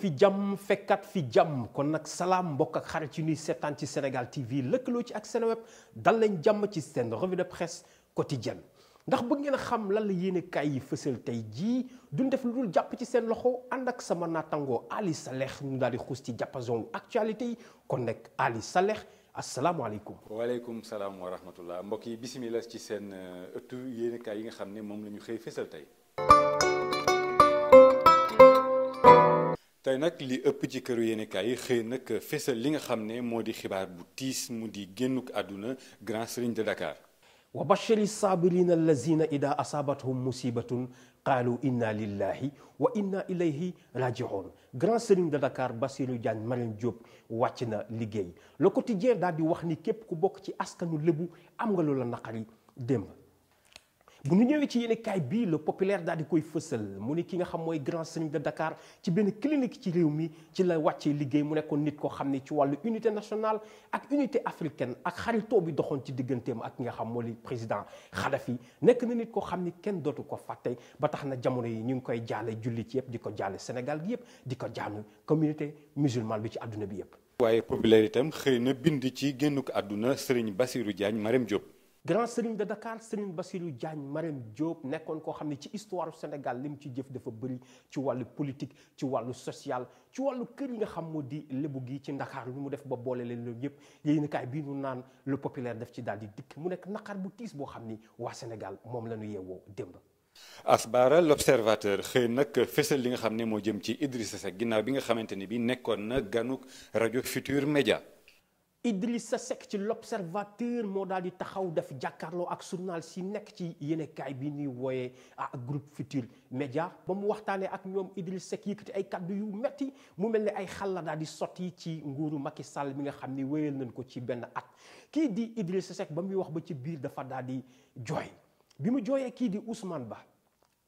fi jam fekkat fi jam kon nak salam mbokk ak xarit yi ñuy seetaan ci Sénégal TV lëkkaloo ci ak web dal lañ jam ci seen revue de presse quotidienne ndax bëgg ngeen xam lan la yéene kay yi fësal tay ji duñ def lu dul jàpp ci seen loxo ànd ak sama natango Ali Saleh ñu dal di xuus ci jàppazon actualité kon nag Ali Saleh wa waaleykum salam wa rahmatullah mbokk yi bisimilah ci seen euh, ëttu yéene kay yi nga xam ne moom la ñu xëy fësal tey. تاينك لي ابتي كرويني كاي خينك فيس لين خامني مودي خبار بوتيس مودي غينوك ادونا غران سرين دكار وبشر الصابرين الذين اذا اصابتهم مصيبه قالوا انا لله وانا اليه راجعون غران سرين دكار باسيلو جان مارين جوب واتنا ليغي لو كوتيدير دا دي واخني كيب كو بوك سي اسكانو ليبو امغا لولا نقاري ديمبا bu ñu ñëwee ci yene kay bi le populaire daal di koy fësal mu ni ki nga xam moy grand serigne de Dakar ci ben clinique ci réew mi ci la wàccee liggéey mu ko nit ko xamni ci walu unité nationale ak unité africaine ak xaritoo bi doxon ci digganteem ak nga xam moo li président Khadafi nekk na nit ko xamni ni kenn dootu ko fatay ba tax na jamono yi ñu ngi koy jaale julli ci yépp diko jaale Sénégal gi yépp diko ko jaanu communauté musulmane bi ci aduna bi yépp waye popularité tam xëy na bind ci génnuk aduna Serigne Bassirou Diagne Marème Diop grand sëriñ de Dakar sëriñ Bassirou Diagne Marème Diop nekkoon ko xamni ci histoire Sénégal li mu ci jëf dafa bëri ci walu politique ci walu social ci walu keur yi nga xam modi di gi ci dakar lu mu def ba boole leen loolu yëpp yéenekaay ñu naan le populaire daf ci daal di dikk mu nekk naqar bu tiss bo xamni wa Sénégal moom la ñu asbara l'observateur xey nak fessel li nga xam mo jëm ci Idrissa Seck ginnaaw bi nga xamanteni bi nekkoon na ganuk radio Futur Média sa Seck ci l'observateur moo daal di taxaw def jàkkaarloo ak surnaal si nekk ci yéenekaay bi ñuy wooyee ah Groupe Futurs Médias ba mu waxtaanee ak ñoom Idrissa Seck yëkkati ay kàddu yu metti mu mel ni ay xal la daal di sotti ci nguuru makki Sall bi nga xam ni wéyal nañ ko ci benn at kii di Idrissa Seck ba muy wax ba ci biir dafa daal di jooy bi mu jooyee kii di Ousmane Ba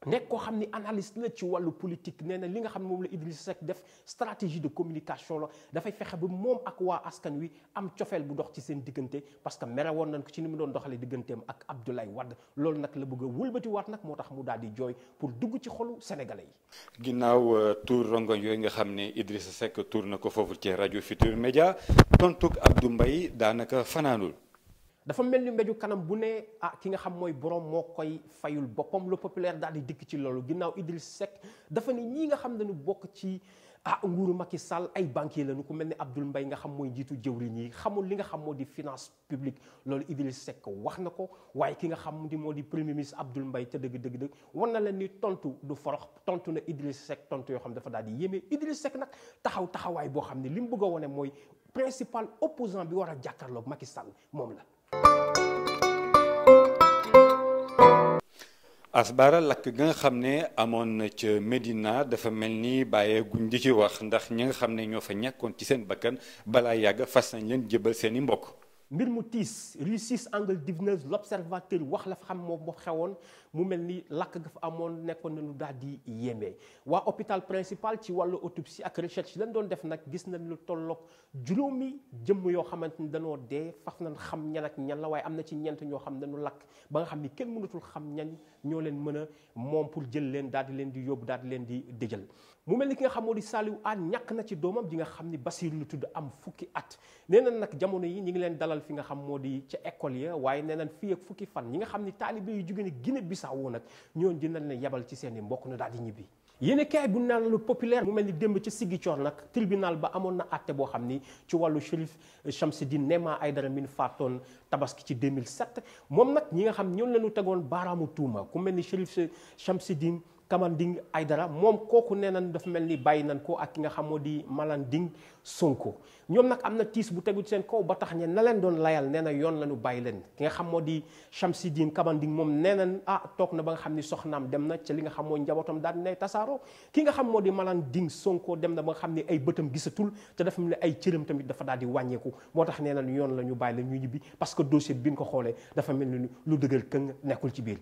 nek ko xamni ni analyste la ci walu politique neena li nga xamni mom la Idrissa Seck def stratégie de communication la da fay fexé bu mom ak wa askan wi am tiofel bu dox ci seen digënté parce que méré won nañ ko ci ni mu doon doxalee digganteem ak Abdoulaye Wade lool nak la bëgg a wat nak motax mu daldi joy pour dugg ci xolu sénégalais yi. ginnaaw euh, tour rongo yooyu nga xamni ne Idrissa Seck tour na ko foofu ci radio Futur media tontuk Abdou Mbaye danaka fanaanul. dafa mel ni mbéju kanam bu ne ah ki nga xam mooy borom moo koy fayul boppam le populaire daal di dikk ci loolu ginnaaw Idriss Seck dafa ne ñii nga xam dañu bokk ci ah nguuru Macky Sall ay la lañu ku mel ni Abdoul Mbaye nga xam mooy njiitu jëwriñ yi xamul li nga xam moo di finance publique loolu Idriss Seck wax na ko waaye ki nga xam di moo di premier ministre Abdoul mbay te dëgg dëgg dëgg war na leen ni tontu du forox tontu na Idriss Seck tontu yoo xam dafa daal di yéeme Idriss Seck nag taxaw taxawaay boo xam ne li mu bëgg a wone mooy principal opposant bi war a jàkkaarloog Macky Sall moom la asbara lakk ga nga xam ne amoon na ca Medina dafa mel ni bàyyeeguñ di ci wax ndax ñi nga xam ne ñoo fa ñàkkoon ci seen bakkan balaa yàgg fas nañ leen jëbal seeni mbokk. mbir mu tiis rue 6 angle 19 l'observateur wax la fa xam moom moo xewoon mu mel ni lakk ga fa amoon nekkoon na lu daal di yéeme waa hôpital principal ci wàllu autopsie ak recherche lañ doon def nag gis nañ lu tolloog juróomi jëmm yoo xamante ni dañoo dee faf na xam ñan ak ñan la waaye am na ci ñeent ñoo xam ne dañu lakk ba nga xam ni kenn mënatul xam ñan ñoo leen mën moom pour jël leen daal di leen di yóbbu daal di leen di dëjël mu mel ni ki nga xam moo di Saliou Anne ñàkk na ci doomam ji nga xam ni Basiir lu tudd am fukki at nee nañ nag jamono yi ñi ngi leen dalal fi nga xam moo di ca école ya waaye fan ñi nga xam ni Guinée-Bissau nag ñoon dina leen yebal ci seen i mbokk na daal di ñibbi yéen kaay bu naan lu populaire mu mel ni démb ca siggi Ziguinchor nag tribunal ba amoon na àtte boo xam ni ci wàllu Chérif Chamsidine Nema Aidara min faatoon tabaski ci 2007 moom nag ñi nga xam ñoon lañu tegoon baaraamu tuuma ku mel ni Chérif Chamsidine Kamanding dara moom kooku nee nañ dafa mel ni bàyyi nañ ko ak ki nga xam moo di Malanding Sonko ñoom nag am na tiis bu tegu ci seen kaw ba tax ñe na leen doon layal nee na yoon la ñu bàyyi leen ki nga xam moo di Chamsidine Kamanding moom nee nañ ah toog na ba nga xam ni soxnaam dem na ca li nga xam mooy njabootam daal di nay tasaaroo ki nga xam moo di Malanding Sonko dem na ba xam ne ay bëtam gisatul te dafa mel ay cëram tamit dafa daal di wàññeeku moo tax nee nañ yoon la ñu bàyyi leen ñu ñibbi parce que dossier bi ñu ko xoolee dafa mel ni lu dëgër këng nekkul ci biir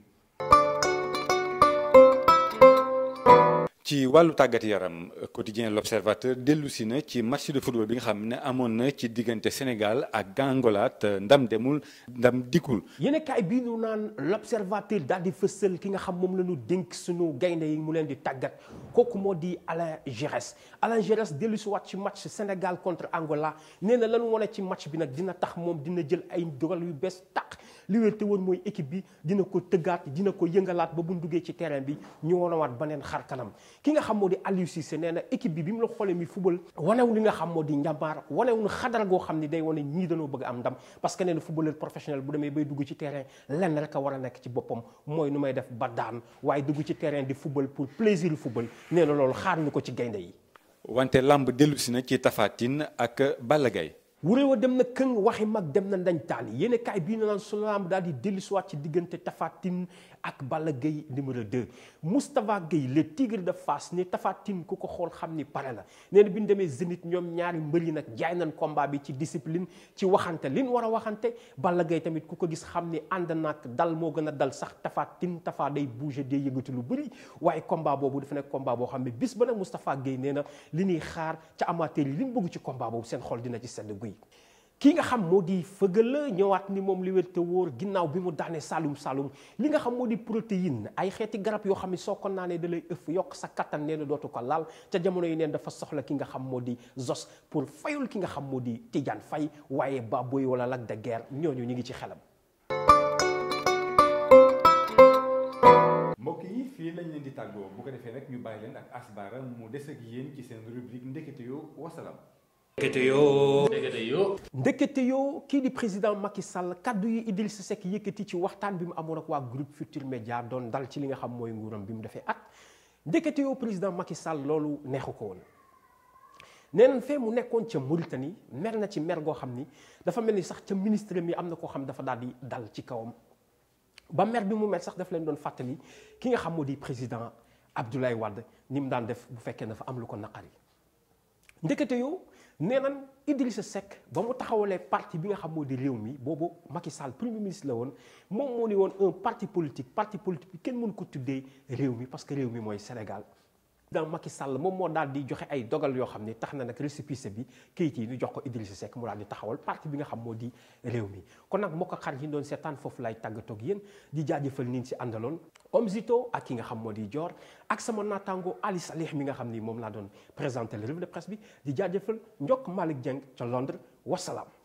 ci walu tagat yaram euh, quotidien l'observateur dellu ci match de football bi nga xam amone ci diganté Sénégal ak Angola ndam demul ndam dikkul yene kay bi ñu naan l'observateur daal di fësal ki nga xam mom la ñu dénk suñu gaynde yi mu len di tagat kooku mo di Alain Giresse Alain Giresse dellu si ci match Sénégal contre Angola néna na lan wane ci match bi nak dina tax mom dina jël ay dogal yu bees tàq li wér won moy équipe bi dina ko teggat dina ko yëngalat ba bu duggé ci terrain bi ñu wonawaat beneen xar kanam ki nga xam moo di Aliou Cissé nee équipe bi bi mu la xoolee mi football wanew li nga xam moo di njàmbaar wanew xadar goo xam ni day wane ñii dañoo bëgg am ndam parce que nee na footballeur professionnel bu demee bay dugg a war a nekk ci boppam mooy nu ba daan waaye dugg ci terrain di football pour plaisir football nee na loolu xaar ñu ko ci gaynde yi. wante lamb dellusi na ci Tafatine ak Balla Gaye wuré wa dem na këng waxi mag dem na ndañ taal yéen kaay bii na naan su lamb daal di dellusiwaat ci diggante Tafatine ak Balla Gaye numéro 2 Moustapha Gueye le tigre de fas ni Tapha ku ko xool xam ni pare la nee bi ñu demee Zénith ñoom ñaari mbër yi nag jaay nañ combat bi ci discipline ci waxante li ñu war a waxante Balla Gaye tamit ku ko gis xam ni ànd nag dal moo gën a dal sax Tapha Tine Tapha day bouger day yëngatu lu bëri waaye combat boobu dafa nekk combat boo xam ne bis ba nag Moustapha Gueye nee na li nuy xaar ca amateur li ñu bëgg ci combat boobu seen xool dina ci sedd guy ki nga xam modi di fëgala ñëwaat ni mom li wér woor ginnaw bi mu daane salum salum li nga xam modi protéine ay xéti garab yo xam ne soo ko da lay ëff yok sa katan néna dotu ko laal ca jamono yi néne dafa soxla ki nga xam modi zos pour fayul ki nga xam modi tidiane fay fay ba baboy wala lak de guerre ñoñu ñi ngi ci xelam mbokk yi fi lañ leen di taggo bu ko defee rek ñu bayiléen ak asbara mu des ak yeen ci seen rubrique ndekete yoo wasalam ndekete yoo. ndekete yoo. ndekete kii di président Macky Sall kaddu yi Idrissa Seck yëkkati ci waxtaan bi mu amoon ak waa groupe Futur Média doon dal ci li nga xam mooy nguuram bi mu defee at ndekete yoo président Macky Sall loolu neexu ko woon. nee nañ fee mu nekkoon ca Mauritanie mer na ci mer goo xam ni dafa mel ni sax ca ministre mi am na koo xam dafa daal di dal ci kawam ba mer bi mu mel sax daf leen doon fàttali ki nga xam moo di président Abdoulaye wadd ni mu daan def bu fekkee dafa am lu ko naqari ndekete nee nan Idrissa Seck ba mu taxawalee parti bi nga xam moo di réew mi boobu Macky Sall premier ministre la woon moom moo ni woon un parti politique parti politique bi kenn mënu ko tuddee réew mi parce que réew mi mooy Sénégal président Macky Sall moom moo daal di joxe ay dogal yoo xam ne tax na nag récépissé bi kayit yi ñu jox ko Idrissa Seck mu daal di taxawal parti bi nga xam moo di réew mi kon nag moo ko xar yi doon seetaan foofu lay tàggatoo ak yéen di jaajafal ni ñu si àndaloon Omzito ak ki nga xam moo di Dior ak sama naataango Ali Salih mi nga xam ni moom laa doon présenté le revue de presse bi di jaajëfal Ndiok Malick Dieng ca Londres wasalaam